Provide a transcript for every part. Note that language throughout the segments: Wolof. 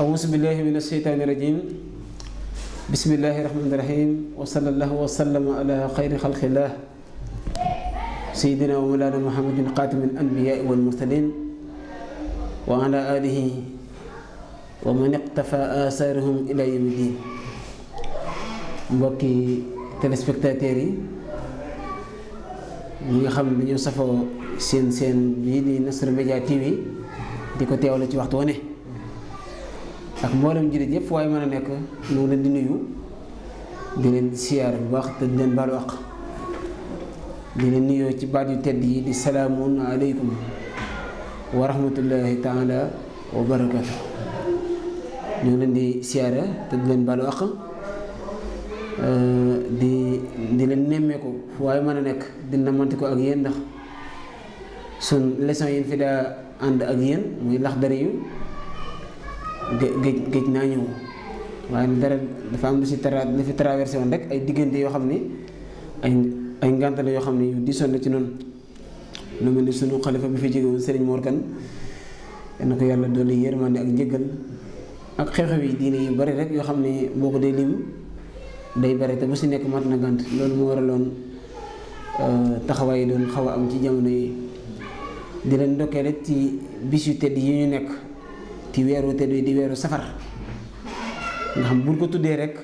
أعوذ بالله من الشيطان الرجيم بسم الله الرحمن الرحيم وصلى الله وسلم على خير خلق الله سيدنا ومولانا محمد قاتم الأنبياء والمرسلين وعلى آله ومن اقتفى آثارهم إلى يوم الدين مبكي تلسبكتاتيري yi ñi nga xam ne dañoo safoo seen seen bii di Nasrou Média TV di ko teewlu ci waxtu wane ak mboolem jirit yëpp way mëna nek ñu leen di nuyu di leen siyar bu baax te di leen baalu àq di leen nuyu ci baat yu tedd yi di salamu alaykum wa rahmatullahi taala wa barakatuh ñu leen di siyar te di leen baalu euh di di leen nemmeeku fu way mëna nek di na manti ko ak yéen ndax sun leçon yeen fi da ànd ak yéen muy laxdari yu géej géej naa ñëw waaye dara dafa am lu si tra lu fi traversé woon rek ay diggante yoo xam ne ay ay ngànt la yoo xam ne yu disoon na ci noonu lu mel ni sunu xalifa bi fi jóge woon Serigne Mor Kane na ko yàlla dolli yërmande ak njëggal ak xew-xew yi diine yu bari rek yoo xam ne boo ko dee lim day bari te bu si nekk mat na ngànt loolu moo waraloon euh, taxawaay doon xaw a am ci jamono yi di leen ndokkee rek ci bis yu tedd yi ñu nekk. ti weeru té di weeru safar nga xam buñ ko tuddé rek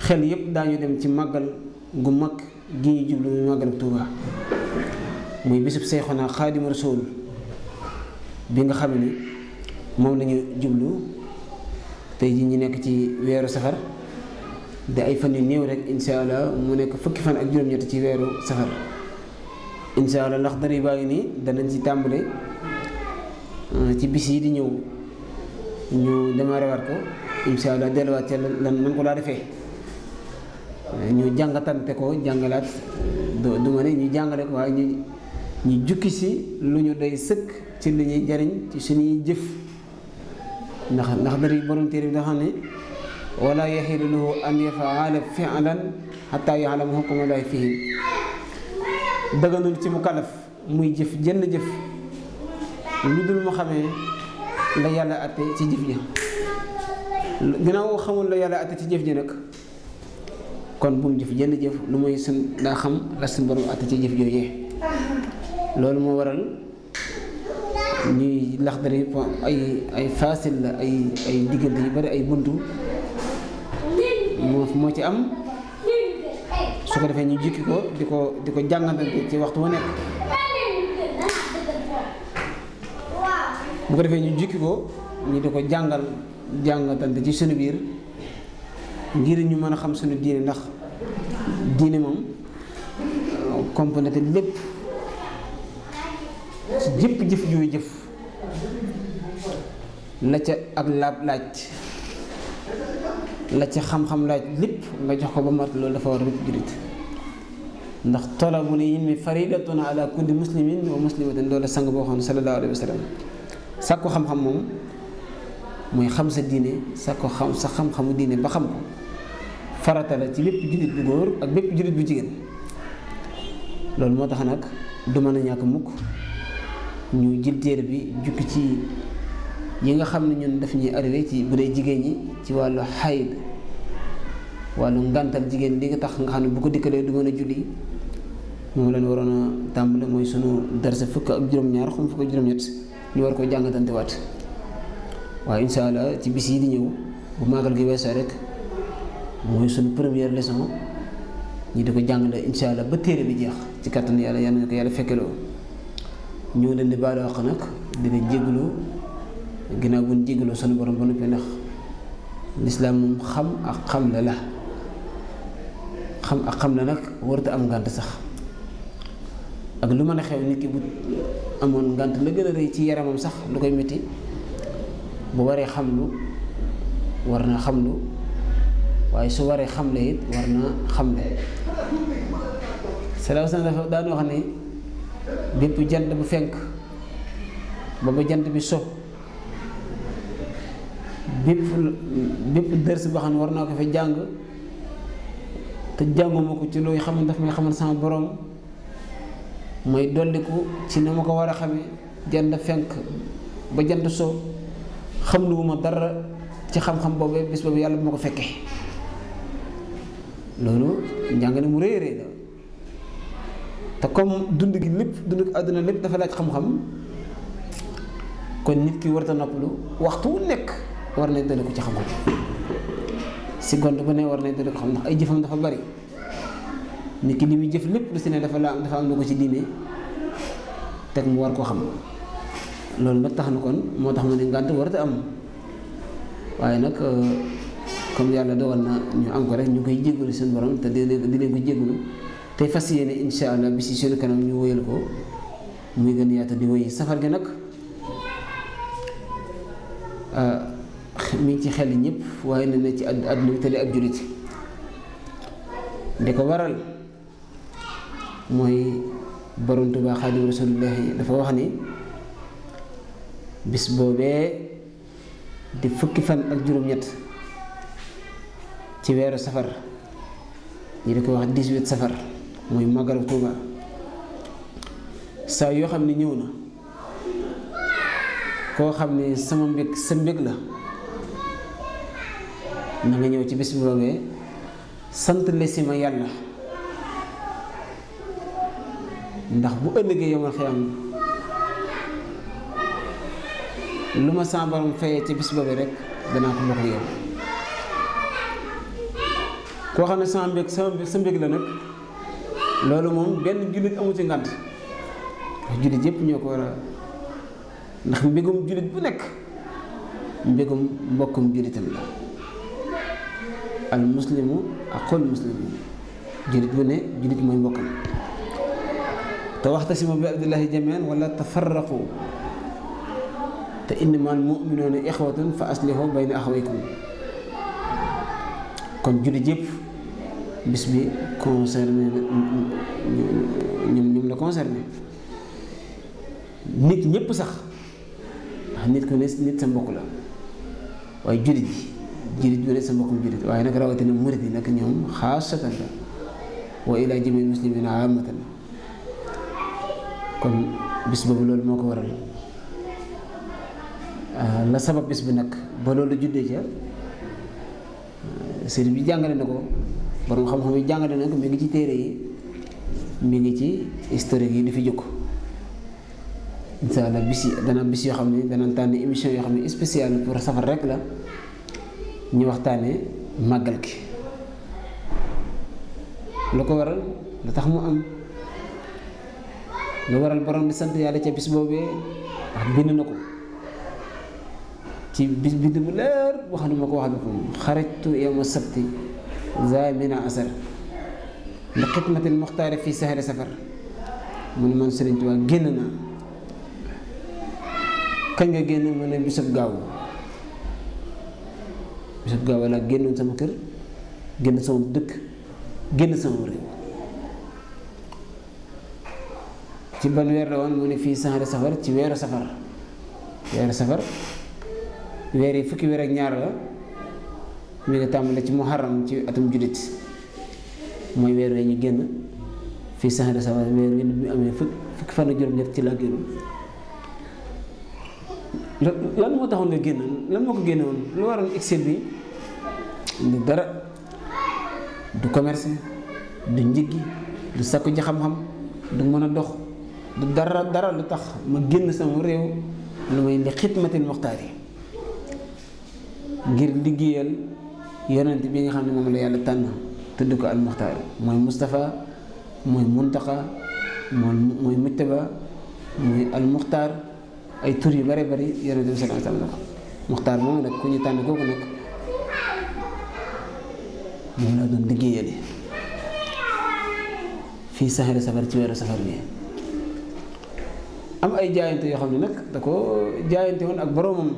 xel yépp dañu dem ci magal gu mak gi ñu jublu muy magal Tuuba muy bisub Seexuna khadim rasul bi nga xam ni mom lañu jublu tay ji ñi nekk ci safar da ay fan yu rek inshallah mu nekk fukki fan ak juroom ñet ci weeru safar inshallah allah dari dara yu baa ngi ci tambalé ci bisi di ñew ñu démarré waat ko incha allah delluwaat ca lan nan ko daa defee ñu jàngatante ko jàngalaat du ma ne ñu jàngale ko waaye ñu ñu jukki si lu ñu doy sëkk ci lu ñuy jariñ ci suñuy jëf ndax ndax dari borom téere bi nga xam ne wala yaxilu lahu an yafaala fi'lan xataa yaalama hukma laahi fiihi dëgganul ci mu kalaf muy jëf jënn jëf lu dul mu xamee la yàlla atte ci jëf ji ginnaaw xamul la yàlla atte ci jëf ji nag kon bu jëf jenn jëf lu muy seen daa xam la seen borom atte ci jëf joojee loolu moo waral ñuy lax dari ay ay la ay ay diggante yu bari ay buntu moo moo ci am su ko defee ñu jikki ko di ko di ko jàngante ci waxtu wu nekk bu ko defee ñu jukki ko ñu di ko jàngal jàngatante ci suñu biir ngir ñu mën a xam suñu diine ndax diine moom euh, componente lépp ci jëpp jëf jooy jëf la ca ak laab laaj la ca xam-xam laaj lépp nga jox ko ba mat loolu dafa war a bépp jullit ndax talabul ilmi faridatun ala kulli muslimin wa muslimatin loolu sang boo xam ne sallallahu alayhi wa sallam sàkku xam-xam moom mooy xam sa diine sàkku xam sa xam-xamu diine ba xam ko farata la ci bépp jullit bu góor ak bépp jullit bu jigéen loolu moo tax du mën a ñàkk mukk ñu jël téere bi jukki ci yi nga xam ne ñun daf ñuy arrivé ci bu dee ñi ci wàllu xayd wàllu ngàntal jigéen li nga tax nga xam bu ko dikkalee du mën julli moom sunu darsa ak ñaar xum ñu war ko jàngatante wat wa inshallah ci bis yi di ñew bu magal gi weesoo rek moy sun première leçon ñi diko ko jàngale ba téré bi jeex ci katan yalla yalla ñu ko yàlla fekkeloo ñu leen di baara wax nag dina jégalu ginnaaw bu ñu jégalu sunu borom bu ñu ndax l'islam moom xam ak xam la la xam ak xam la nak warta am ngant sax ak lu mën a xew nit ki bu amoon ngant la gën a rëy ci yaramam sax lu koy métti bu waree xam lu war na xam lu waaye su waree xamle it war na xamle salaaw sana dafa daan wax ne bépp jant bu fenk ba jant bi so bépp bépp dërs boo war naa ko fi jàng te jànguma ko ci looy xaman daf may xamal sama borom mooy dolliku ci ni ma ko war a xamee jand fenk ba jant so xam lu ma dara ci xam-xam boobee bis boobu yàlla bu ma ko fekkee loolu njàngale mu rëy rëy te comme dund gi lépp dund gi àdduna lépp dafa laaj xam-xam kon nit ki war a noppalu waxtu wu nekk war nañ dolliku ci xam-xam si gont bu ne war nañ dolliku xam ndax ay jëfam dafa bari nit ki li muy jëf lepp lu sene dafa la dafa am ko ci diine tek mu war ko xam lool nag taxnu kon motax mo ni ngant war ta am waye nak euh, comme yalla dogal na ñu am ko rek ñu koy jéggul seen borom te dinañ dinañ ko jéggul tay fasiyene inshallah allah bi ci suñu kanam ñu woyal ko muy gën yaatu di woy safar gi euh mi ci xel ñepp waye na ci àdduna tali ak ab diko waral. mooy borom Tuubaa Xaadimu Rasuulillaahi dafa wax ni bis boobee di fukki fan ak juróom-ñett ci weeru safar ñu di ko wax 18 safar mooy màggalu Tuubaa saa yoo xam ne ñëw na koo xam ne sama mbég sa mbég la na nga ñëw ci bis boobee sant la si ma yàlla ndax bu ëllëgee yomal xiyam lu ma sama borom ci bis rek danaa ko bokk ak koo xam ne sama mbég sama sa mbég la nag loolu moom benn jullit amu ci ngant jullit yëpp ñoo ko war a ndax mbégum jullit bu nekk mbégum mbokkum jullitam la al muslimu aqul muslimu jullit bu ne jullit mooy mbokkam تواختسموا بعبد الله جميعا ولا تفرقوا تإنما المؤمنون إخوة فأصلحوا بين أخويكم كون جودي جيب بس بي كونسيرني نيم نيم نيت نيب صاح نيت كو نيت نيت لا واي جودي جودي جودي سامبوك جودي واي نك راوتني مريدي نك نيوم خاصة وإلى جميع المسلمين عامة kon bis boobu loolu moo ko waral ah, la sabab bis bi nag ba loolu juddee ca sëriñ bi jàngale na ko borom xam-xam yi jàngale na ko ngi ci téere yi mi ngi ci historique yi di fi jóg incha allah bis yi dana bis yoo xam ne dana tànn émission yoo xam ne spéciale pour safar rek la ñu waxtaanee màggal gi lu ko waral lu tax mu am. lu waral borom bi sant yàlla ci bis bobé ak bind nako ci bis bind bu leer wax mako ma ko wax na ko xarajtu yowma sabti zamina asar li xidmatil muxtaari fii sahari safar mun man serigne Tuubaa génn naa kañ nga génn mo ne bisab gaawu bisab gaawu la genn sama kër génn sama dëkk génn sama rew ci wer weer la woon mu ne fii sahri safar ci wer safar wer safar wer yi fukki wer ak ñaar la mi ngi tàmbale ci muharram ci atum judit mooy wer wee ñu génn fii sahri safar weer wi mu amee fukki fukki fa ak jurum ñett ci la génn lan moo taxoon nga génn lan moo ko génne woon lu waroon excel bi ni dara ya. du commerce du njëggi du sakku ji xam-xam du mën dox دار دار لتخ مجن سمريو لمن لخدمة المختاري غير لجيل يرنت بين خان مملي على تنه تدك المختار مي مصطفى مي منتقى مي مي متبا مي المختار أي توري بري بري يرنت بين خان تنه مختار مم لك كوني تنه كوك لك مولا دون لجيل في سهر سفر تير سفر ليه am ay jaayante yoo xam ne nag da ko jaayante woon ak boroomam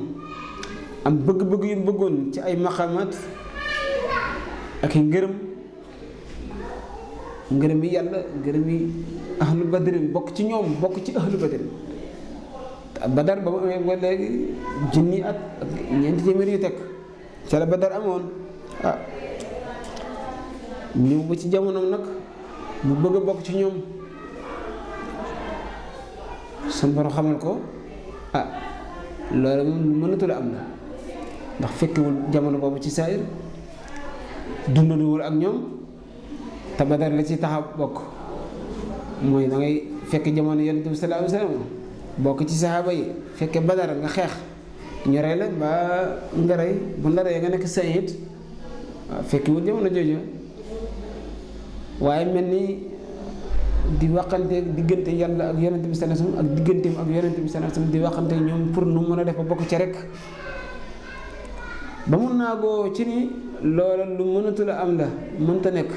am bëgg-bëgg yu bëggoon ci ay maxamaat ak i ngërëm ngërëm yi yàlla ngërëm yi ahlu badrin bokk ci ñoom bokk ci ahlu badrin badar ba mu amee ba léegi junni ak ñeenti téeméer yu teg ca la badar amoon ah ñëw ba ci jamonoom nag mu bëgg a bokk ci ñoom سنبرو خاملكو لولا آه. منو تلا أمنا بفكر جمعنا بابو تسير دونو دول أغنيم تبادر لسي تحب بوك موي نعي فكر جمعنا يلا تبص لا تبص لا بوك تسير هاي فكر بادر نخيخ نيرالا با نداري بندار يعنى كسيد فكر وديمونا جوجو وعي مني di waxante diggante yàlla ak yonente bi sallallahu alayhi wasallam ak digganteem ak yonente bi sallallahu alayhi wasallam di waxante ñoom pour nu mën a def ba bokk ci rek ba mun naa goo ci ni loola lu mënatul a am la mënta nekk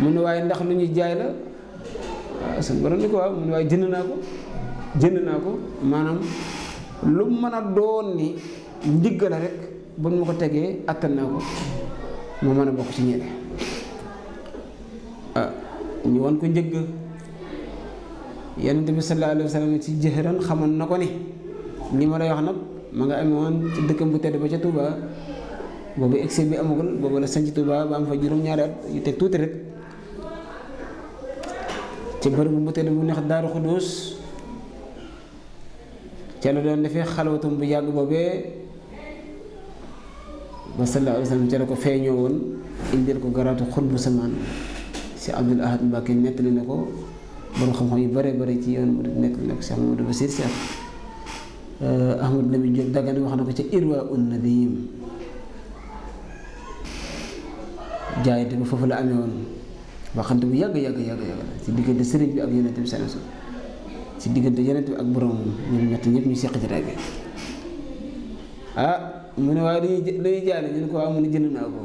mu ne waaye ndax lu ñuy jaay la waaw ah, suñu borom ni ko waaw mu ne waaye jënd naa ko jënd naa ko maanaam lu mën a doon ni ndigg la rek bu ñu ma ko tegee attan naa ko ma mën a bokk ci ñeneen ñu won ko njëgg yonente bi sallallahu alaihi wasallam ci jëhëran xamoon nako ni ni li ma lay wax nak ma nga amee won ci dëkkum bu tedd ba ca Touba bobu excès bi amugul bobu la sanc Touba ba am fa juroom ñaari at yu tek tuuti rek ci bërëb bu tedd bu neex Daaru khudus ci la doon defé xalawatum bu yàgg bobé ba sallallahu alaihi wasallam sallam ca la ko feeñoo woon indil ko garatu xurbu samaan Cheikh Abdoul Ahad Mbacke nettali na ko borom xam-xam yu bare bare ci yoon murid nettali na ko Cheikh Mamadou Basir Cheikh euh, Ahmad Lamine wax na ko ca Irwa un Nadim foofu la amee woon waxante bu yàgg yàgg yàgg yàgg ci diggante sëriñ ak yonent bi sallallahu alayhi bi ak borom ñoom ñett ñëpp ñu seq jataay bi ah mu ne waaye dañuy dañuy jaale ñu ko waaw mu ne jënd naa ko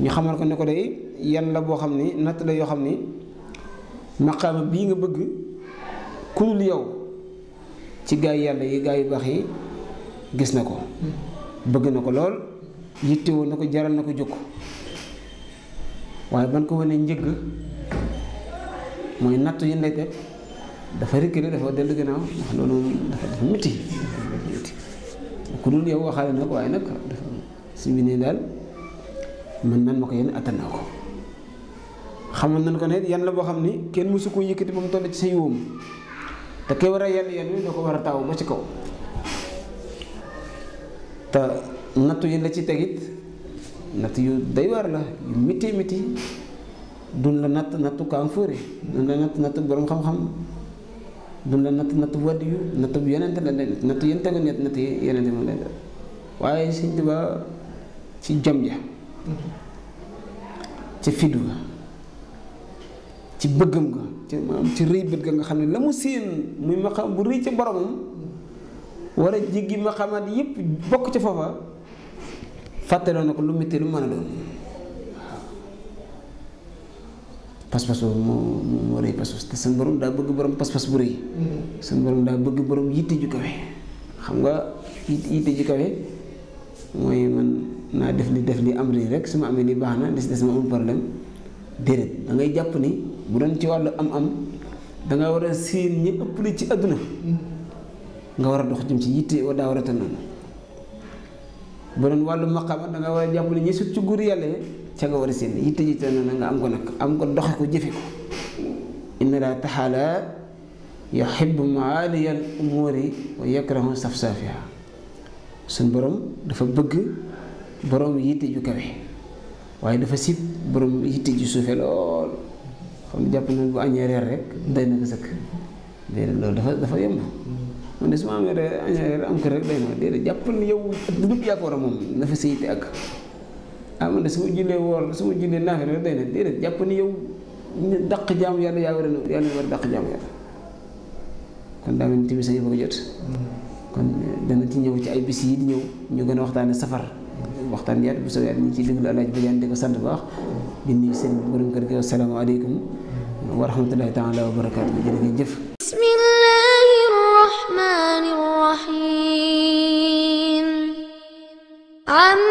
ñu xamal ko ne ko day yan la boo xam ne natt la yoo xam ne maqaama bii nga bëgg ku dul yow ci gaa yi yàlla yi gaa yu baax yi gis na ko bëgg na ko lool yittewoo na ko jaral na ko jóg waaye ban ko wane njëgg mooy natt yi lay def dafa reculer dafa dellu gannaaw ndax loolu dafa dafa métti ku dul yow waxaale nag waaye nag dafa suñu bi ne daal man nan mako yene atanako xamal nañ ko ne yan la bo xamni ken musuko mësu ko yëkkati ci sey wum ta ke wara yene yene yenn ko taw ba ci kaw ta natu yene la ci tegit natu yu day war la miti miti dun la natu natu kaam furi dun la nat natu borom xam-xam dun la nat natu wadi yu natu bu yenente la leen natt yéen tegu net natt yenente moom leen waye seigne touba ci jom ci fit ga ci bëggam nga ci maanaam ci rëy bët ga nga xam ne la mu séen muy maqam bu rëy ci boromam war a jéggi maqamaat yépp bokk ci foofa fàttaloo na ko lu métti lu mën a doon pas-pas boobu moo moo rëy pas-pas te seen borom daa bëgg borom pas-pas bu rëy seen borom daa bëgg borom yitte ju kawe xam nga yitte ju kawe mooy man naa def li def li am rii rek su ma amee ni baax na des des ma amul problème déedéet da ngay jàpp ni bu doon ci wàllu am-am dangay war a séen ñi ëpp li ci àdduna nga war a dox jëm ci yitte a tànnoon bu doon wàllu da nga war a jàpp ni ñi sut ci guur yàlla ca nga war a séen yitte ji tànnoon nga am ko nag am ko doxe ko jëfe ko inna laa taxaala yuhibbu maaliyal umuuri wa yakrahu safsaafiha suñ borom dafa bëgg. borom yitte ju kawe waaye dafa sib borom yitte ju suufe lool xam ne jàpp na bu añee rek day na ko sëkk dafa dafa yomb man de su ma amee reer añee reer am ko a moom dafa sa yitte ak ah man su ma jullee woor su ma jullee naafe rek day na déedéet jàpp na yow daq jaam yàlla yaa war a yàlla war a dàq jaam yàlla kon daa mel ni timis a ngi bëgg jot mm. kon dana ci ñëw ci ay bis yi ñëw ñu gën a waxtaane safar waxtan yaat bu sa yaat ci dëgg la la ci jande ko sant baax di nuyu seen borom kër gi assalamu wa rahmatullahi ta'ala wa barakatuh jere ngeen jëf bismillahir